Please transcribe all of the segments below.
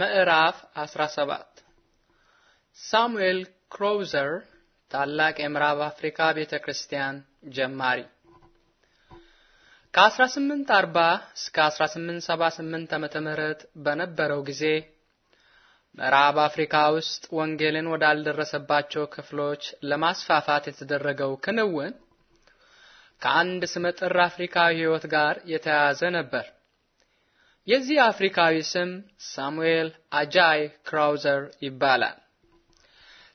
ምዕራፍ 17 ሳሙኤል ክሮውዘር ታላቅ የምዕራብ አፍሪካ ቤተ ክርስቲያን ጀማሪ ከ1840 እስከ 1878 ዓመተ ምህረት በነበረው ጊዜ ምዕራብ አፍሪካ ውስጥ ወንጌልን ወዳልደረሰባቸው ክፍሎች ለማስፋፋት የተደረገው ክንውን ከአንድ ስመጥር አፍሪካዊ ሕይወት ጋር የተያያዘ ነበር። የዚህ አፍሪካዊ ስም ሳሙኤል አጃይ ክራውዘር ይባላል።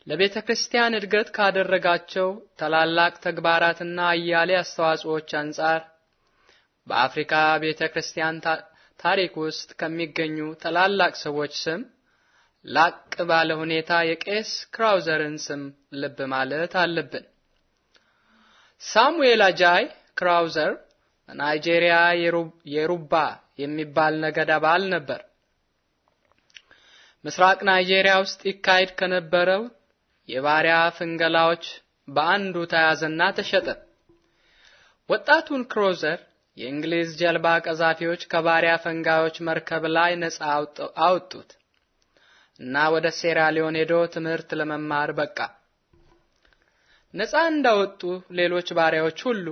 ለቤተ ክርስቲያን እድገት ካደረጋቸው ታላላቅ ተግባራትና አያሌ አስተዋጽኦዎች አንጻር በአፍሪካ ቤተ ክርስቲያን ታሪክ ውስጥ ከሚገኙ ታላላቅ ሰዎች ስም ላቅ ባለ ሁኔታ የቄስ ክራውዘርን ስም ልብ ማለት አለብን። ሳሙኤል አጃይ ክራውዘር በናይጄሪያ የሩባ የሚባል ነገድ አባል ነበር። ምስራቅ ናይጄሪያ ውስጥ ይካሄድ ከነበረው የባሪያ ፍንገላዎች በአንዱ ተያዘና ተሸጠ። ወጣቱን ክሮዘር የእንግሊዝ ጀልባ ቀዛፊዎች ከባሪያ ፈንጋዮች መርከብ ላይ ነፃ አወጡት እና ወደ ሴራሊዮን ሄዶ ትምህርት ለመማር በቃ። ነፃ እንዳወጡ ሌሎች ባሪያዎች ሁሉ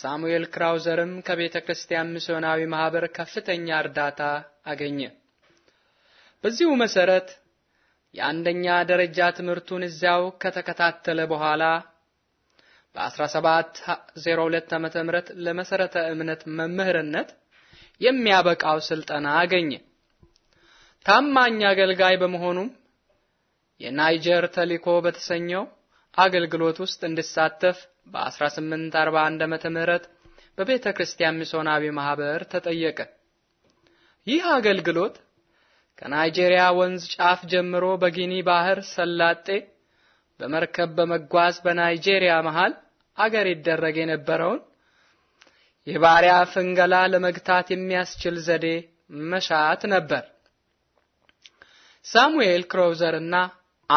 ሳሙኤል ክራውዘርም ከቤተ ክርስቲያን ሚስዮናዊ ማህበር ከፍተኛ እርዳታ አገኘ። በዚሁ መሰረት የአንደኛ ደረጃ ትምህርቱን እዚያው ከተከታተለ በኋላ በ1702 ዓመተ ምህረት ለመሰረተ እምነት መምህርነት የሚያበቃው ስልጠና አገኘ። ታማኝ አገልጋይ በመሆኑም የናይጀር ተሊኮ በተሰኘው አገልግሎት ውስጥ እንዲሳተፍ በ1841 ዓመተ ምህረት በቤተ ክርስቲያን ሚስዮናዊ ማህበር ተጠየቀ። ይህ አገልግሎት ከናይጄሪያ ወንዝ ጫፍ ጀምሮ በጊኒ ባህር ሰላጤ በመርከብ በመጓዝ በናይጄሪያ መሃል አገር ይደረግ የነበረውን የባሪያ ፍንገላ ለመግታት የሚያስችል ዘዴ መሻት ነበር። ሳሙኤል ክሮውዘር እና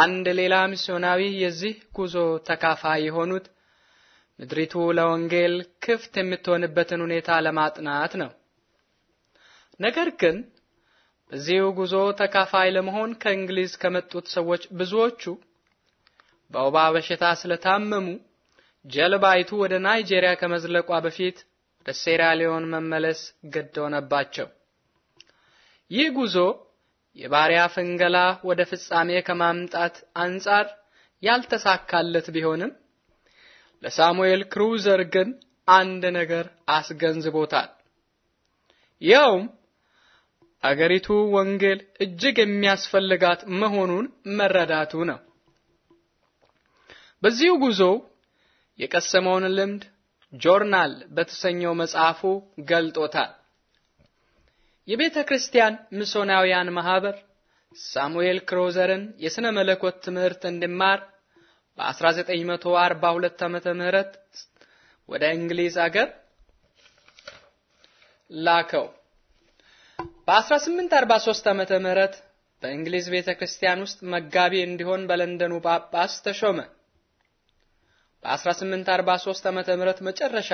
አንድ ሌላ ሚስዮናዊ የዚህ ጉዞ ተካፋይ የሆኑት ምድሪቱ ለወንጌል ክፍት የምትሆንበትን ሁኔታ ለማጥናት ነው። ነገር ግን በዚሁ ጉዞ ተካፋይ ለመሆን ከእንግሊዝ ከመጡት ሰዎች ብዙዎቹ በወባ በሽታ ስለታመሙ ጀልባይቱ ወደ ናይጄሪያ ከመዝለቋ በፊት ወደ ሴራሊዮን መመለስ ግድ ሆነባቸው። ይህ ጉዞ የባሪያ ፍንገላ ወደ ፍጻሜ ከማምጣት አንጻር ያልተሳካለት ቢሆንም ለሳሙኤል ክሩዘር ግን አንድ ነገር አስገንዝቦታል። ያውም አገሪቱ ወንጌል እጅግ የሚያስፈልጋት መሆኑን መረዳቱ ነው። በዚሁ ጉዞው የቀሰመውን ልምድ ጆርናል በተሰኘው መጽሐፉ ገልጦታል። የቤተ ክርስቲያን ምሶናውያን ማህበር ሳሙኤል ክሮዘርን የሥነ መለኮት ትምህርት እንዲማር በ1942 ዓመተ ምህረት ወደ እንግሊዝ አገር ላከው። በ1843 ዓመተ ምህረት በእንግሊዝ ቤተክርስቲያን ውስጥ መጋቢ እንዲሆን በለንደኑ ጳጳስ ተሾመ። በ1843 ዓመተ ምህረት መጨረሻ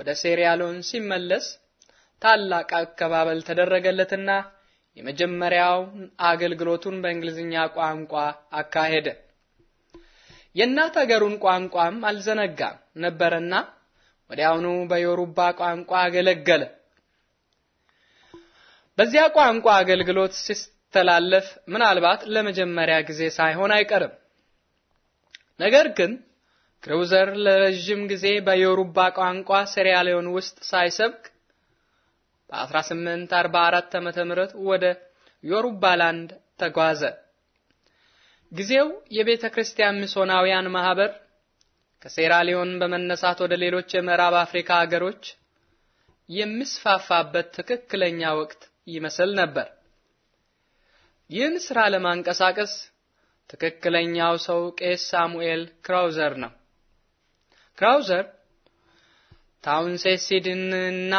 ወደ ሴሪያሎን ሲመለስ ታላቅ አቀባበል ተደረገለትና የመጀመሪያው አገልግሎቱን በእንግሊዝኛ ቋንቋ አካሄደ። የእናት አገሩን ቋንቋም አልዘነጋም ነበርና ወዲያውኑ በዮሩባ ቋንቋ አገለገለ። በዚያ ቋንቋ አገልግሎት ሲተላለፍ ምናልባት ለመጀመሪያ ጊዜ ሳይሆን አይቀርም። ነገር ግን ክሩዘር ለረዥም ጊዜ በዮሩባ ቋንቋ ሴራሊዮን ውስጥ ሳይሰብክ በ1844 ዓመተ ወደ ዮሩባላንድ ተጓዘ። ጊዜው የቤተ ክርስቲያን ሚስዮናውያን ማህበር ከሴራሊዮን በመነሳት ወደ ሌሎች የምዕራብ አፍሪካ ሀገሮች የሚስፋፋበት ትክክለኛ ወቅት ይመስል ነበር። ይህን ስራ ለማንቀሳቀስ ትክክለኛው ሰው ቄስ ሳሙኤል ክራውዘር ነው። ክራውዘር ታውንሴሲድንና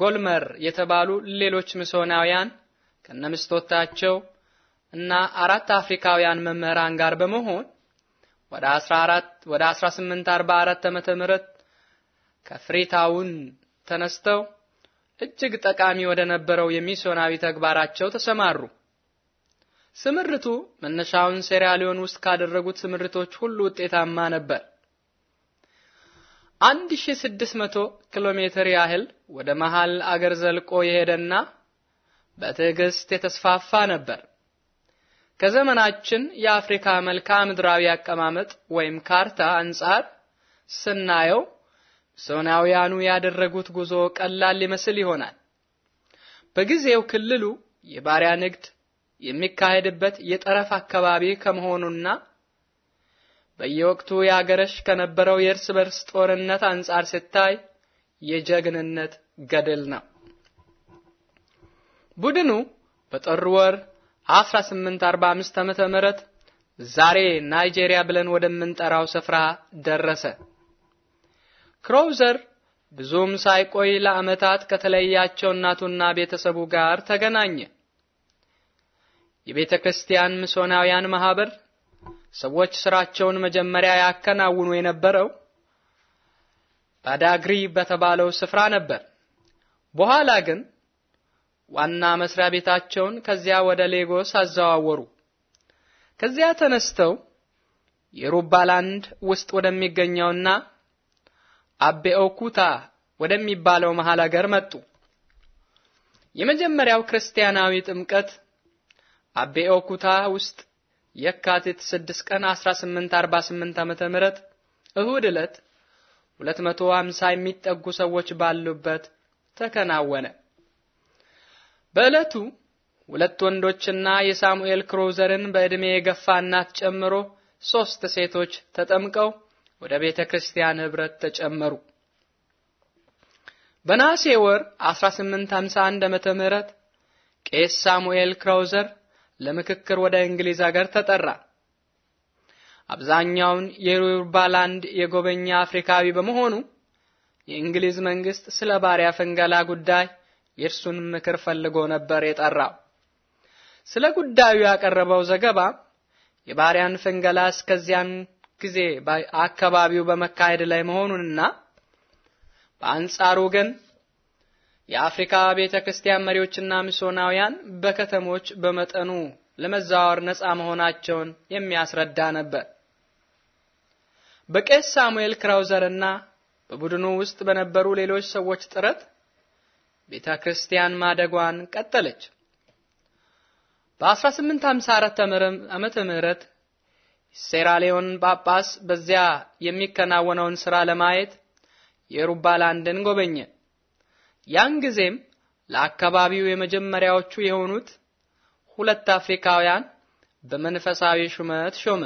ጎልመር የተባሉ ሌሎች ሚስዮናውያን ከነምስቶታቸው እና አራት አፍሪካውያን መምህራን ጋር በመሆን ወደ 14 ወደ 44 ዓመተ ምህረት ከፍሪታውን ተነስተው እጅግ ጠቃሚ ወደ ነበረው የሚስዮናዊ ተግባራቸው ተሰማሩ። ስምርቱ መነሻውን ሴራሊዮን ውስጥ ካደረጉት ስምርቶች ሁሉ ውጤታማ ነበር። 1600 ኪሎ ሜትር ያህል ወደ መሃል አገር ዘልቆ የሄደና በትዕግስት የተስፋፋ ነበር። ከዘመናችን የአፍሪካ መልክዓ ምድራዊ አቀማመጥ ወይም ካርታ አንጻር ስናየው ሶናውያኑ ያደረጉት ጉዞ ቀላል ሊመስል ይሆናል። በጊዜው ክልሉ የባሪያ ንግድ የሚካሄድበት የጠረፍ አካባቢ ከመሆኑና በየወቅቱ ያገረሽ ከነበረው የእርስ በርስ ጦርነት አንጻር ሲታይ የጀግንነት ገደል ነው። ቡድኑ በጥር ወር 1845 ዓመተ ምህረት ዛሬ ናይጄሪያ ብለን ወደምንጠራው ስፍራ ደረሰ። ክሮውዘር ብዙም ሳይቆይ ለዓመታት ከተለያቸው እናቱና ቤተሰቡ ጋር ተገናኘ። የቤተ ክርስቲያን ምሶናውያን ማህበር ሰዎች ስራቸውን መጀመሪያ ያከናውኑ የነበረው ባዳግሪ በተባለው ስፍራ ነበር። በኋላ ግን ዋና መስሪያ ቤታቸውን ከዚያ ወደ ሌጎስ አዘዋወሩ። ከዚያ ተነስተው የሩባላንድ ውስጥ ወደሚገኘውና አቤኦኩታ ወደሚባለው መሃል ሀገር መጡ። የመጀመሪያው ክርስቲያናዊ ጥምቀት አቤኦኩታ ውስጥ የካቲት 6 ቀን 1848 ዓመተ ምህረት እሁድ ዕለት 250 የሚጠጉ ሰዎች ባሉበት ተከናወነ። በዕለቱ ሁለት ወንዶችና የሳሙኤል ክሮዘርን በዕድሜ የገፋ እናት ጨምሮ ሶስት ሴቶች ተጠምቀው ወደ ቤተ ክርስቲያን ህብረት ተጨመሩ። በነሐሴ ወር 1851 ዓመተ ምህረት ቄስ ሳሙኤል ክራውዘር ለምክክር ወደ እንግሊዝ አገር ተጠራ። አብዛኛውን የዮርባላንድ የጎበኛ አፍሪካዊ በመሆኑ የእንግሊዝ መንግስት ስለ ባሪያ ፈንገላ ጉዳይ የእርሱንም ምክር ፈልጎ ነበር የጠራው። ስለ ጉዳዩ ያቀረበው ዘገባ የባሪያን ፍንገላ እስከዚያን ጊዜ አካባቢው በመካሄድ ላይ መሆኑንና በአንጻሩ ግን የአፍሪካ ቤተ ክርስቲያን መሪዎችና ሚስዮናውያን በከተሞች በመጠኑ ለመዘዋወር ነፃ መሆናቸውን የሚያስረዳ ነበር። በቄስ ሳሙኤል ክራውዘርና በቡድኑ ውስጥ በነበሩ ሌሎች ሰዎች ጥረት ቤተ ክርስቲያን ማደጓን ቀጠለች። በ1854 ዓመተ ምህረት ሴራሊዮን ጳጳስ በዚያ የሚከናወነውን ስራ ለማየት የሩባላንድን ጎበኘ። ያን ጊዜም ለአካባቢው የመጀመሪያዎቹ የሆኑት ሁለት አፍሪካውያን በመንፈሳዊ ሹመት ሾመ።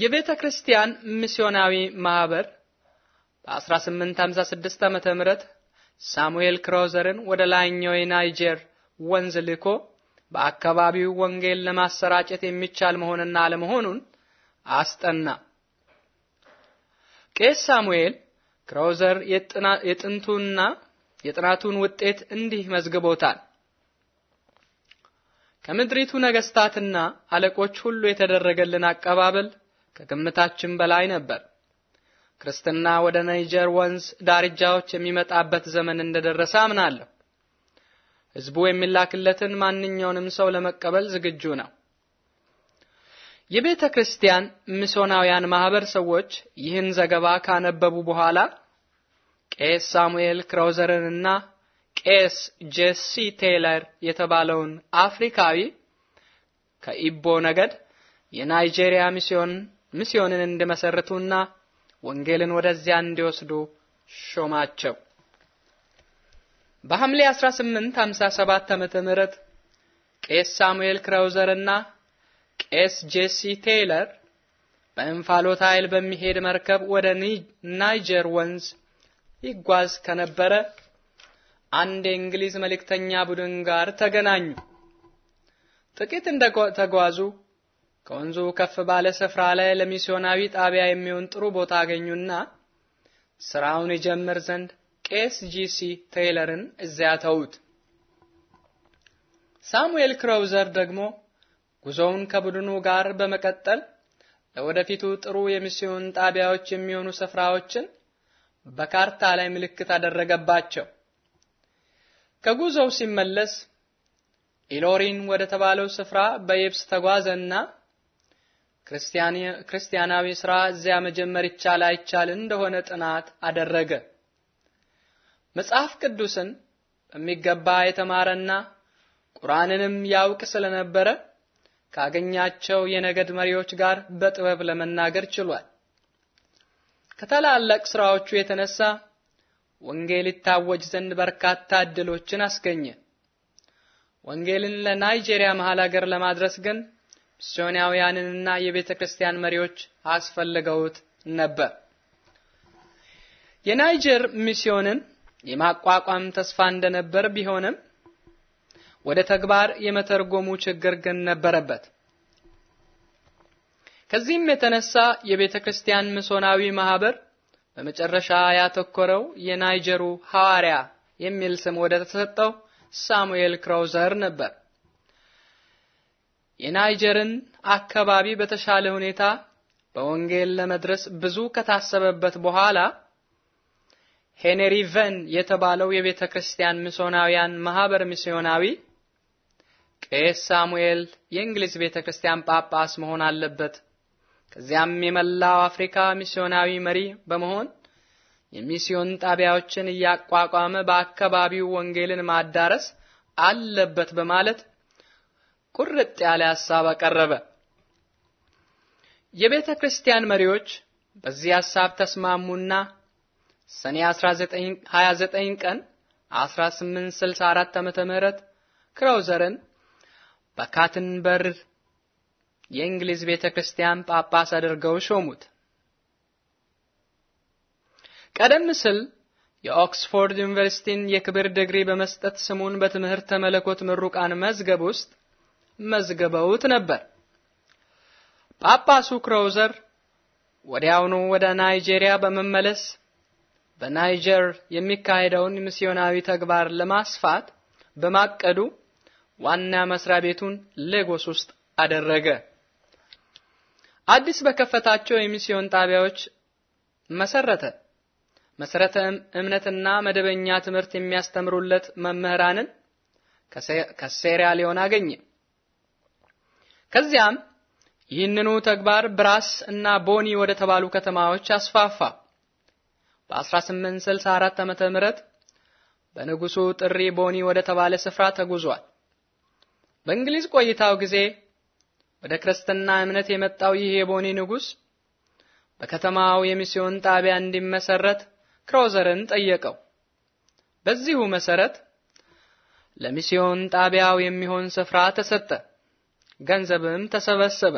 የቤተ ክርስቲያን ሚስዮናዊ ማህበር በ1856 ዓመተ ምህረት ሳሙኤል ክራውዘርን ወደ ላይኛው የናይጀር ወንዝ ልኮ በአካባቢው ወንጌል ለማሰራጨት የሚቻል መሆንና አለመሆኑን አስጠና። ቄስ ሳሙኤል ክራውዘር የጥንቱና የጥናቱን ውጤት እንዲህ መዝግቦታል። ከምድሪቱ ነገስታትና አለቆች ሁሉ የተደረገልን አቀባበል ከግምታችን በላይ ነበር። ክርስትና ወደ ናይጀር ወንዝ ዳርጃዎች የሚመጣበት ዘመን እንደደረሰ አምናለሁ። ህዝቡ የሚላክለትን ማንኛውንም ሰው ለመቀበል ዝግጁ ነው። የቤተ ክርስቲያን ሚስዮናውያን ማህበር ሰዎች ይህን ዘገባ ካነበቡ በኋላ ቄስ ሳሙኤል ክራውዘርንና ቄስ ጄሲ ቴይለር የተባለውን አፍሪካዊ ከኢቦ ነገድ የናይጄሪያ ሚስዮን ሚስዮንን እንደመሰረቱና ወንጌልን ወደዚያ እንዲወስዱ ሾማቸው። በሐምሌ 1857 ዓመተ ምህረት ቄስ ሳሙኤል ክራውዘር እና ቄስ ጄሲ ቴይለር በእንፋሎት ኃይል በሚሄድ መርከብ ወደ ናይጀር ወንዝ ይጓዝ ከነበረ አንድ የእንግሊዝ መልእክተኛ ቡድን ጋር ተገናኙ። ጥቂት እንደተጓዙ ከወንዙ ከፍ ባለ ስፍራ ላይ ለሚስዮናዊ ጣቢያ የሚሆን ጥሩ ቦታ አገኙና ስራውን ይጀምር ዘንድ ቄስ ጂሲ ቴይለርን እዚያ ተውት። ሳሙኤል ክሮውዘር ደግሞ ጉዞውን ከቡድኑ ጋር በመቀጠል ለወደፊቱ ጥሩ የሚስዮን ጣቢያዎች የሚሆኑ ስፍራዎችን በካርታ ላይ ምልክት አደረገባቸው። ከጉዞው ሲመለስ ኢሎሪን ወደ ተባለው ስፍራ በየብስ ተጓዘና ክርስቲያናዊ ሥራ እዚያ መጀመር ይቻል አይቻል እንደሆነ ጥናት አደረገ። መጽሐፍ ቅዱስን በሚገባ የተማረና ቁርአንንም ያውቅ ስለነበረ ካገኛቸው የነገድ መሪዎች ጋር በጥበብ ለመናገር ችሏል። ከታላላቅ ስራዎቹ የተነሳ ወንጌል ይታወጅ ዘንድ በርካታ እድሎችን አስገኘ። ወንጌልን ለናይጄሪያ መሃል ሀገር ለማድረስ ግን ሲዮናውያንንና የቤተ ክርስቲያን መሪዎች አስፈልገውት ነበር። የናይጀር ሚስዮንን የማቋቋም ተስፋ እንደነበር ቢሆንም ወደ ተግባር የመተርጎሙ ችግር ግን ነበረበት። ከዚህም የተነሳ የቤተ ክርስቲያን ምሶናዊ ማህበር በመጨረሻ ያተኮረው የናይጀሩ ሐዋርያ የሚል ስም ወደ ተሰጠው ሳሙኤል ክራውዘር ነበር። የናይጀርን አካባቢ በተሻለ ሁኔታ በወንጌል ለመድረስ ብዙ ከታሰበበት በኋላ ሄነሪ ቨን የተባለው የቤተ ክርስቲያን ሚስዮናውያን ማህበር ሚስዮናዊ ቄስ ሳሙኤል የእንግሊዝ ቤተ ክርስቲያን ጳጳስ መሆን አለበት፣ ከዚያም የመላው አፍሪካ ሚስዮናዊ መሪ በመሆን የሚስዮን ጣቢያዎችን እያቋቋመ በአካባቢው ወንጌልን ማዳረስ አለበት በማለት ቁርጥ ያለ ሐሳብ አቀረበ። የቤተ ክርስቲያን መሪዎች በዚህ ሐሳብ ተስማሙና ሰኔ 19 29 ቀን 1864 ዓመተ ምህረት ክራውዘርን በካትንበር የእንግሊዝ ቤተ ክርስቲያን ጳጳስ አድርገው ሾሙት። ቀደም ሲል የኦክስፎርድ ዩኒቨርሲቲን የክብር ዲግሪ በመስጠት ስሙን በትምህርተ መለኮት ምሩቃን መዝገብ ውስጥ መዝግበውት ነበር። ጳጳሱ ክሮውዘር ወዲያውኑ ወደ ናይጄሪያ በመመለስ በናይጀር የሚካሄደውን ሚስዮናዊ ተግባር ለማስፋት በማቀዱ ዋና መስሪያ ቤቱን ሌጎስ ውስጥ አደረገ። አዲስ በከፈታቸው የሚስዮን ጣቢያዎች መሰረተ መሰረተ እምነትና መደበኛ ትምህርት የሚያስተምሩለት መምህራንን ከሴራሊዮን አገኘ። ከዚያም ይህንኑ ተግባር ብራስ እና ቦኒ ወደ ተባሉ ከተማዎች አስፋፋ። በ1864 ዓመተ ምህረት በንጉሱ ጥሪ ቦኒ ወደ ተባለ ስፍራ ተጉዟል። በእንግሊዝ ቆይታው ጊዜ ወደ ክርስትና እምነት የመጣው ይህ የቦኒ ንጉስ በከተማው የሚስዮን ጣቢያ እንዲመሰረት ክሮዘርን ጠየቀው። በዚሁ መሰረት ለሚስዮን ጣቢያው የሚሆን ስፍራ ተሰጠ። ገንዘብም ተሰበሰበ።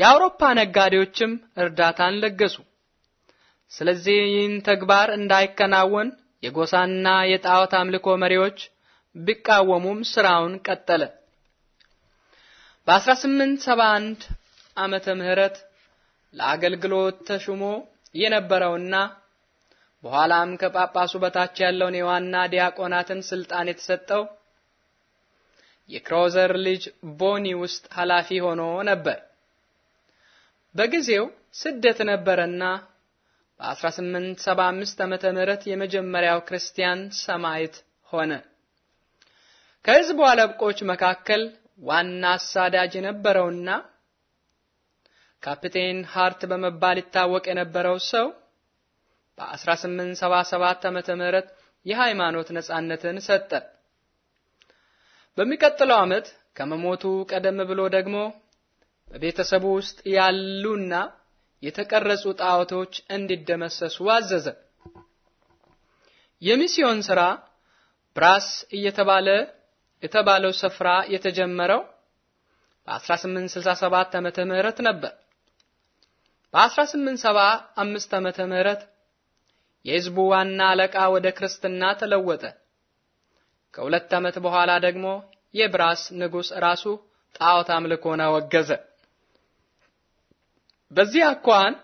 የአውሮፓ ነጋዴዎችም እርዳታን ለገሱ። ስለዚህ ይህን ተግባር እንዳይከናወን የጎሳና የጣዖት አምልኮ መሪዎች ቢቃወሙም ስራውን ቀጠለ። በ1871 ዓመተ ምህረት ለአገልግሎት ተሹሞ የነበረውና በኋላም ከጳጳሱ በታች ያለውን የዋና ዲያቆናትን ስልጣን የተሰጠው የክሮዘር ልጅ ቦኒ ውስጥ ኃላፊ ሆኖ ነበር። በጊዜው ስደት ነበረና በ1875 ዓመተ ምህረት የመጀመሪያው ክርስቲያን ሰማይት ሆነ። ከህዝቡ አለቆች መካከል ዋና አሳዳጅ የነበረውና ካፕቴን ሃርት በመባል ይታወቅ የነበረው ሰው በ1877 ዓመተ ምህረት የሃይማኖት ነጻነትን ሰጠ። በሚቀጥለው ዓመት ከመሞቱ ቀደም ብሎ ደግሞ በቤተሰቡ ውስጥ ያሉና የተቀረጹ ጣዖቶች እንዲደመሰሱ አዘዘ። የሚስዮን ስራ ብራስ እየተባለ የተባለው ስፍራ የተጀመረው በ1867 ዓመተ ምህረት ነበር። በ1875 ዓመተ ምህረት የህዝቡ ዋና አለቃ ወደ ክርስትና ተለወጠ። ከሁለት ዓመት በኋላ ደግሞ የብራስ ንጉሥ ራሱ ጣዖት አምልኮን አወገዘ። በዚህ አኳን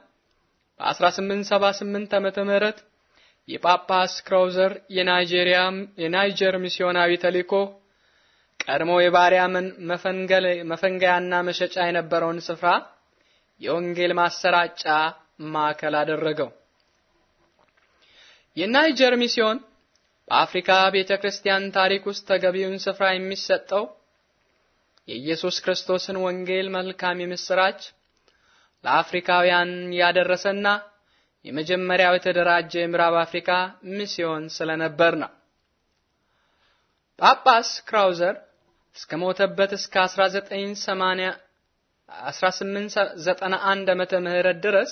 በ1878 ዓመተ ምህረት የጳጳስ ክራውዘር የናይጄሪያ የናይጀር ሚስዮናዊ ተልእኮ ቀድሞ የባሪያ መፈንገያና መሸጫ የነበረውን ስፍራ የወንጌል ማሰራጫ ማዕከል አደረገው። የናይጀር ሚስዮን በአፍሪካ ቤተ ክርስቲያን ታሪክ ውስጥ ተገቢውን ስፍራ የሚሰጠው የኢየሱስ ክርስቶስን ወንጌል መልካም የምስራች ለአፍሪካውያን ያደረሰና የመጀመሪያው የተደራጀ የምዕራብ አፍሪካ ሚስዮን ስለነበር ነው። ጳጳስ ክራውዘር እስከ ሞተበት እስከ 1980 1891 ዓመተ ምህረት ድረስ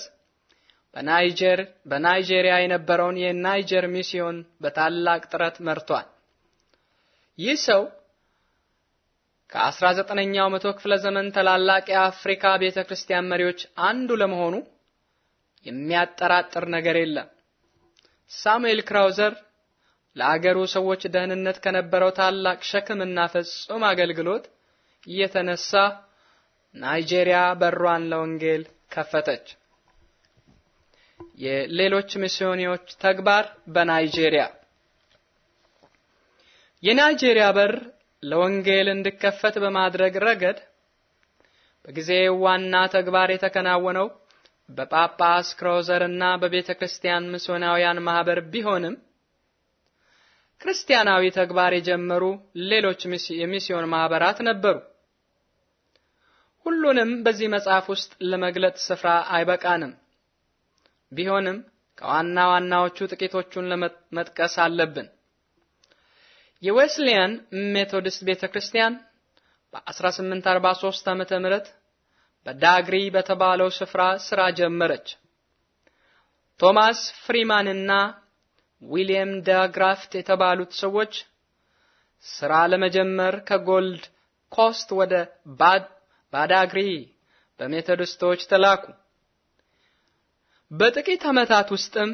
በናይጀር በናይጄሪያ የነበረውን የናይጀር ሚስዮን በታላቅ ጥረት መርቷል። ይህ ሰው ከ19ኛው መቶ ክፍለ ዘመን ታላላቅ የአፍሪካ ቤተክርስቲያን መሪዎች አንዱ ለመሆኑ የሚያጠራጥር ነገር የለም። ሳሙኤል ክራውዘር ለአገሩ ሰዎች ደህንነት ከነበረው ታላቅ ሸክምና ፍጹም አገልግሎት እየተነሳ ናይጄሪያ በሯን ለወንጌል ከፈተች። የሌሎች ሚስዮኔዎች ተግባር በናይጄሪያ የናይጄሪያ በር ለወንጌል እንዲከፈት በማድረግ ረገድ በጊዜ ዋና ተግባር የተከናወነው በጳጳስ ክሮዘር እና በቤተ ክርስቲያን ምስዮናውያን ማህበር ቢሆንም ክርስቲያናዊ ተግባር የጀመሩ ሌሎች የሚስዮን ማህበራት ነበሩ። ሁሉንም በዚህ መጽሐፍ ውስጥ ለመግለጥ ስፍራ አይበቃንም። ቢሆንም ከዋና ዋናዎቹ ጥቂቶቹን ለመጥቀስ አለብን። የዌስሊያን ሜቶዲስት ቤተክርስቲያን በ1843 ዓመተ ምህረት በዳግሪ በተባለው ስፍራ ስራ ጀመረች። ቶማስ ፍሪማን እና ዊሊያም ዳግራፍት የተባሉት ሰዎች ስራ ለመጀመር ከጎልድ ኮስት ወደ ባዳግሪ በሜቶዲስቶች ተላኩ። በጥቂት ዓመታት ውስጥም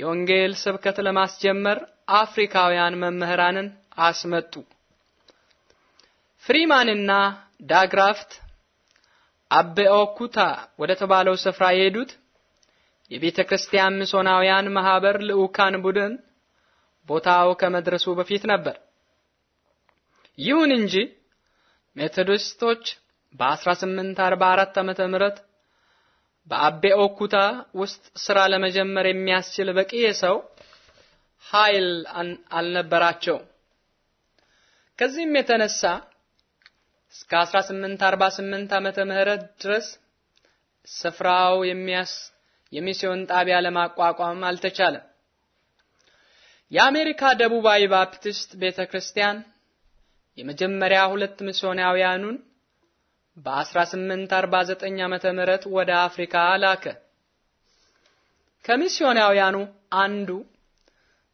የወንጌል ስብከት ለማስጀመር አፍሪካውያን መምህራንን አስመጡ። ፍሪማንና ዳግራፍት አቤኦኩታ ወደ ተባለው ስፍራ የሄዱት የቤተ ክርስቲያን ምሶናውያን ማህበር ልዑካን ቡድን ቦታው ከመድረሱ በፊት ነበር። ይሁን እንጂ ሜቶዲስቶች በ1844 ዓመተ ምህረት በአቤ ኦኩታ ውስጥ ስራ ለመጀመር የሚያስችል በቂ የሰው ኃይል አልነበራቸው። ከዚህም የተነሳ እስከ 1848 ዓመተ ምህረት ድረስ ስፍራው የሚያስ የሚስዮን ጣቢያ ለማቋቋም አልተቻለም። የአሜሪካ ደቡባዊ ባፕቲስት ቤተክርስቲያን የመጀመሪያ ሁለት ሚስዮናውያኑን በ1849 ዓመተ ምህረት ወደ አፍሪካ ላከ። ከሚስዮናውያኑ አንዱ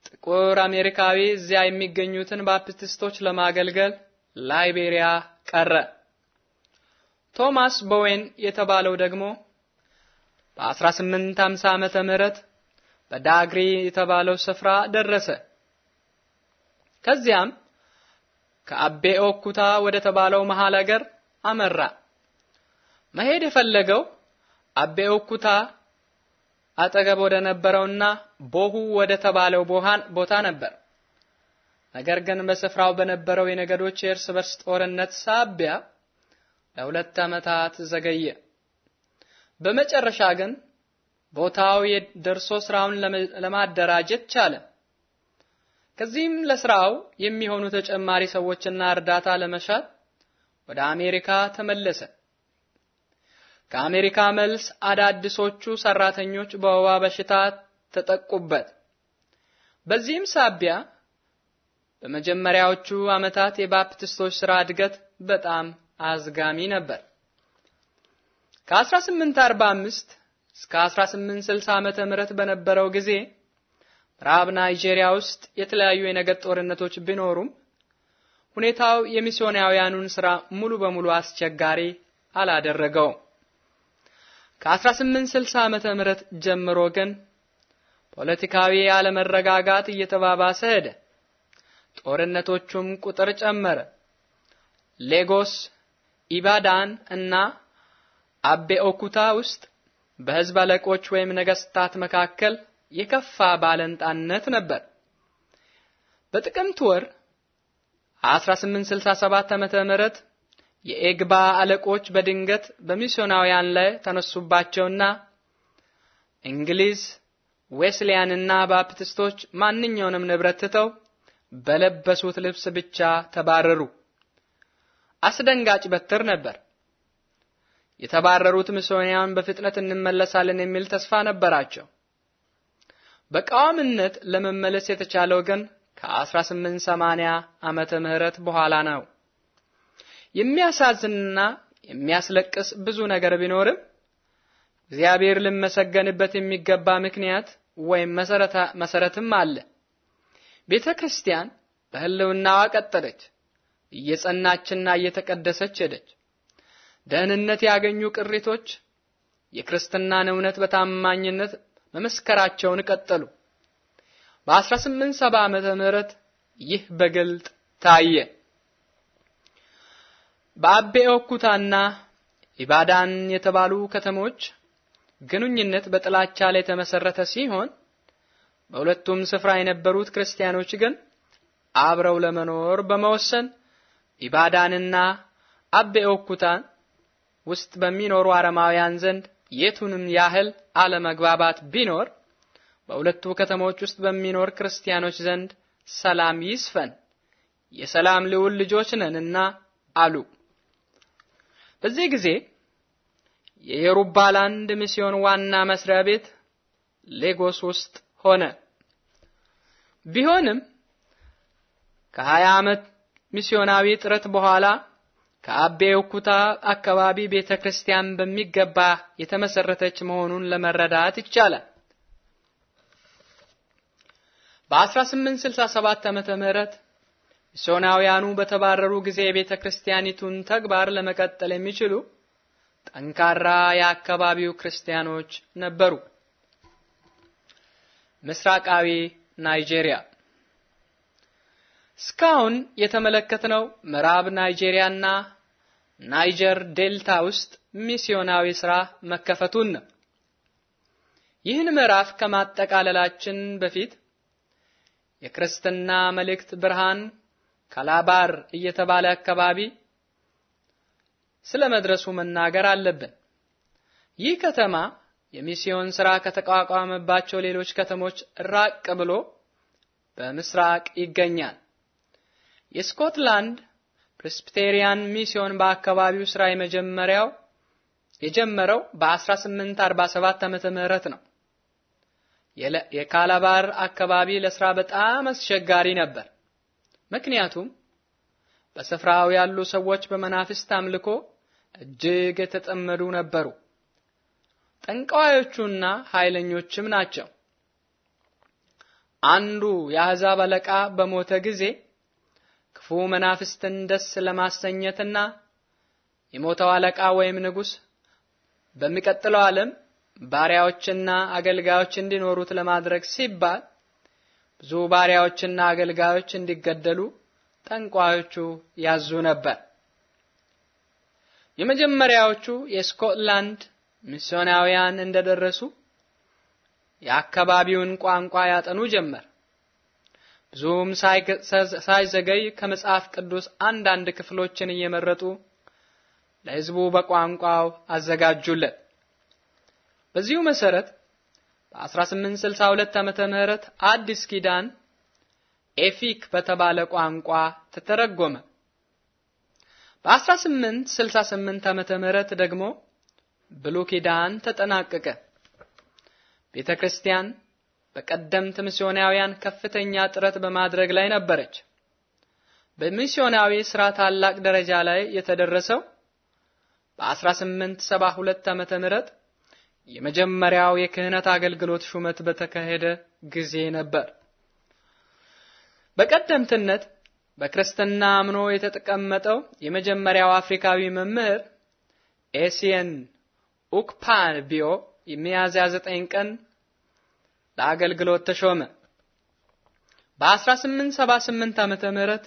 ጥቁር አሜሪካዊ እዚያ የሚገኙትን ባፕቲስቶች ለማገልገል ላይቤሪያ ቀረ። ቶማስ ቦዌን የተባለው ደግሞ በ1850 ዓመተ ምህረት በዳግሪ የተባለው ስፍራ ደረሰ። ከዚያም ከአቤ ኦኩታ ወደ ተባለው መሃል አገር አመራ። መሄድ የፈለገው አቤ ኡኩታ አጠገብ ወደ ነበረውና ቦሁ ወደ ተባለው ቦሃን ቦታ ነበር። ነገር ግን በስፍራው በነበረው የነገዶች የእርስ በርስ ጦርነት ሳቢያ ለሁለት ዓመታት ዘገየ። በመጨረሻ ግን ቦታው ደርሶ ስራውን ለማደራጀት ቻለ። ከዚህም ለስራው የሚሆኑ ተጨማሪ ሰዎችና እርዳታ ለመሻት ወደ አሜሪካ ተመለሰ። ከአሜሪካ መልስ አዳዲሶቹ ሰራተኞች በወባ በሽታ ተጠቁበት። በዚህም ሳቢያ በመጀመሪያዎቹ ዓመታት የባፕቲስቶች ሥራ እድገት በጣም አዝጋሚ ነበር። ከ1845 እስከ 1860 ዓመተ ምህረት በነበረው ጊዜ ምዕራብ ናይጄሪያ ውስጥ የተለያዩ የነገድ ጦርነቶች ቢኖሩም ሁኔታው የሚስዮናውያኑን ሥራ ሙሉ በሙሉ አስቸጋሪ አላደረገውም። ከ1860 ዓመተ ምህረት ጀምሮ ግን ፖለቲካዊ አለመረጋጋት እየተባባሰ ሄደ። ጦርነቶቹም ቁጥር ጨመረ። ሌጎስ፣ ኢባዳን እና አቤ ኦኩታ ውስጥ በህዝብ አለቆች ወይም ነገስታት መካከል የከፋ ባለንጣነት ነበር። በጥቅምት ወር 1867 ዓመተ ምህረት የኤግባ አለቆች በድንገት በሚስዮናውያን ላይ ተነሱባቸውና እንግሊዝ ዌስሊያንና ባፕቲስቶች ማንኛውንም ንብረት ትተው በለበሱት ልብስ ብቻ ተባረሩ። አስደንጋጭ በትር ነበር። የተባረሩት ሚስዮናውያን በፍጥነት እንመለሳለን የሚል ተስፋ ነበራቸው። በቃዋምነት ለመመለስ የተቻለው ግን ከ1880 ዓመተ ምህረት በኋላ ነው። የሚያሳዝንና የሚያስለቅስ ብዙ ነገር ቢኖርም እግዚአብሔር ልመሰገንበት የሚገባ ምክንያት ወይም መሰረትም አለ። ቤተ ክርስቲያን በሕልውናዋ ቀጠለች፣ እየጸናችና እየተቀደሰች ሄደች። ደህንነት ያገኙ ቅሪቶች የክርስትናን እውነት በታማኝነት መመስከራቸውን ቀጠሉ። በ1870 ዓመተ ምህረት ይህ በግልጥ ታየ። በአቤ ኦኩታና ኢባዳን የተባሉ ከተሞች ግንኙነት በጥላቻ ላይ የተመሰረተ ሲሆን በሁለቱም ስፍራ የነበሩት ክርስቲያኖች ግን አብረው ለመኖር በመወሰን ኢባዳንና አቤ ኦኩታን ውስጥ በሚኖሩ አረማውያን ዘንድ የቱንም ያህል አለመግባባት ቢኖር በሁለቱ ከተሞች ውስጥ በሚኖር ክርስቲያኖች ዘንድ ሰላም ይስፈን፣ የሰላም ልዑል ልጆች ነንና አሉ። በዚህ ጊዜ የየሩባላንድ ሚስዮን ዋና መስሪያ ቤት ሌጎስ ውስጥ ሆነ። ቢሆንም ከ20 ዓመት ሚስዮናዊ ጥረት በኋላ ከአቤ ኩታ አካባቢ ቤተክርስቲያን በሚገባ የተመሰረተች መሆኑን ለመረዳት ይቻላል። በ1867 ዓመተ ምህረት ሚስዮናውያኑ በተባረሩ ጊዜ የቤተ ክርስቲያኒቱን ተግባር ለመቀጠል የሚችሉ ጠንካራ የአካባቢው ክርስቲያኖች ነበሩ። ምስራቃዊ ናይጄሪያ እስካሁን የተመለከትነው ምዕራብ ናይጄሪያና ናይጀር ዴልታ ውስጥ ሚስዮናዊ ስራ መከፈቱን ነው። ይህን ምዕራፍ ከማጠቃለላችን በፊት የክርስትና መልእክት ብርሃን ካላባር እየተባለ አካባቢ ስለ መድረሱ መናገር አለብን። ይህ ከተማ የሚስዮን ስራ ከተቋቋመባቸው ሌሎች ከተሞች ራቅ ብሎ በምስራቅ ይገኛል። የስኮትላንድ ፕሬስቢቴሪያን ሚስዮን በአካባቢው ስራ የመጀመሪያው የጀመረው በ1847 ዓመተ ምህረት ነው። የካላባር አካባቢ ለስራ በጣም አስቸጋሪ ነበር። ምክንያቱም በስፍራው ያሉ ሰዎች በመናፍስት አምልኮ እጅግ የተጠመዱ ነበሩ። ጠንቋዮቹና ኃይለኞችም ናቸው። አንዱ የአሕዛብ አለቃ በሞተ ጊዜ ክፉ መናፍስትን ደስ ለማሰኘትና የሞተው አለቃ ወይም ንጉሥ በሚቀጥለው ዓለም ባሪያዎችና አገልጋዮች እንዲኖሩት ለማድረግ ሲባል ብዙ ባሪያዎችና አገልጋዮች እንዲገደሉ ጠንቋዮቹ ያዙ ነበር። የመጀመሪያዎቹ የስኮትላንድ ሚስዮናውያን እንደደረሱ የአካባቢውን ቋንቋ ያጠኑ ጀመር። ብዙም ሳይዘገይ ከመጽሐፍ ቅዱስ አንዳንድ ክፍሎችን እየመረጡ ለሕዝቡ በቋንቋው አዘጋጁለት። በዚሁ መሰረት በ1862 ዓመተ ምህረት አዲስ ኪዳን ኤፊክ በተባለ ቋንቋ ተተረጎመ። በ1868 ዓመተ ምህረት ደግሞ ብሉ ኪዳን ተጠናቀቀ። ቤተ ክርስቲያን በቀደምት ሚስዮናውያን ከፍተኛ ጥረት በማድረግ ላይ ነበረች። በሚስዮናዊ ስራ ታላቅ ደረጃ ላይ የተደረሰው በ1872 ዓመተ ምህረት የመጀመሪያው የክህነት አገልግሎት ሹመት በተካሄደ ጊዜ ነበር። በቀደምትነት በክርስትና አምኖ የተቀመጠው የመጀመሪያው አፍሪካዊ መምህር ኤሲየን ኡክፓቢዮ ሚያዝያ 9 ቀን ለአገልግሎት ተሾመ። በ1878 ዓመተ ምህረት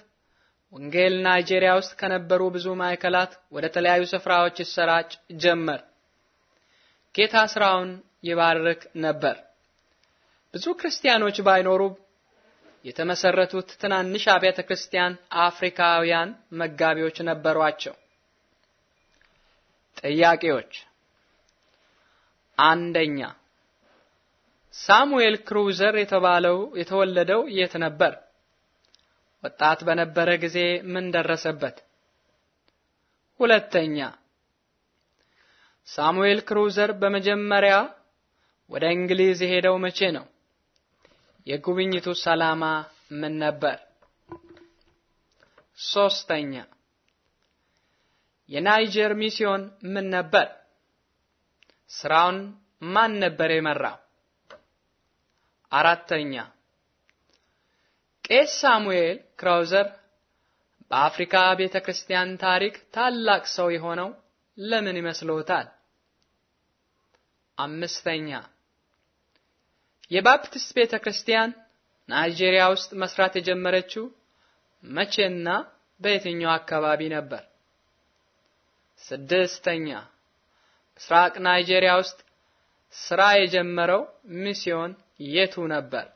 ወንጌል ናይጄሪያ ውስጥ ከነበሩ ብዙ ማዕከላት ወደ ተለያዩ ስፍራዎች ይሰራጭ ጀመር። ጌታ ስራውን ይባርክ ነበር። ብዙ ክርስቲያኖች ባይኖሩ የተመሰረቱት ትናንሽ አብያተ ክርስቲያን አፍሪካውያን መጋቢዎች ነበሯቸው። ጥያቄዎች፣ አንደኛ ሳሙኤል ክሩዘር የተባለው የተወለደው የት ነበር? ወጣት በነበረ ጊዜ ምን ደረሰበት? ሁለተኛ ሳሙኤል ክሩዘር በመጀመሪያ ወደ እንግሊዝ የሄደው መቼ ነው? የጉብኝቱ ሰላማ ምን ነበር? ሶስተኛ የናይጀር ሚስዮን ምን ነበር? ስራውን ማን ነበር የመራው? አራተኛ ቄስ ሳሙኤል ክራውዘር በአፍሪካ ቤተክርስቲያን ታሪክ ታላቅ ሰው የሆነው ለምን ይመስልዎታል? አምስተኛ የባፕቲስት ቤተ ክርስቲያን ናይጄሪያ ውስጥ መስራት የጀመረችው መቼና በየትኛው አካባቢ ነበር? ስድስተኛ ምስራቅ ናይጄሪያ ውስጥ ስራ የጀመረው ሚስዮን የቱ ነበር?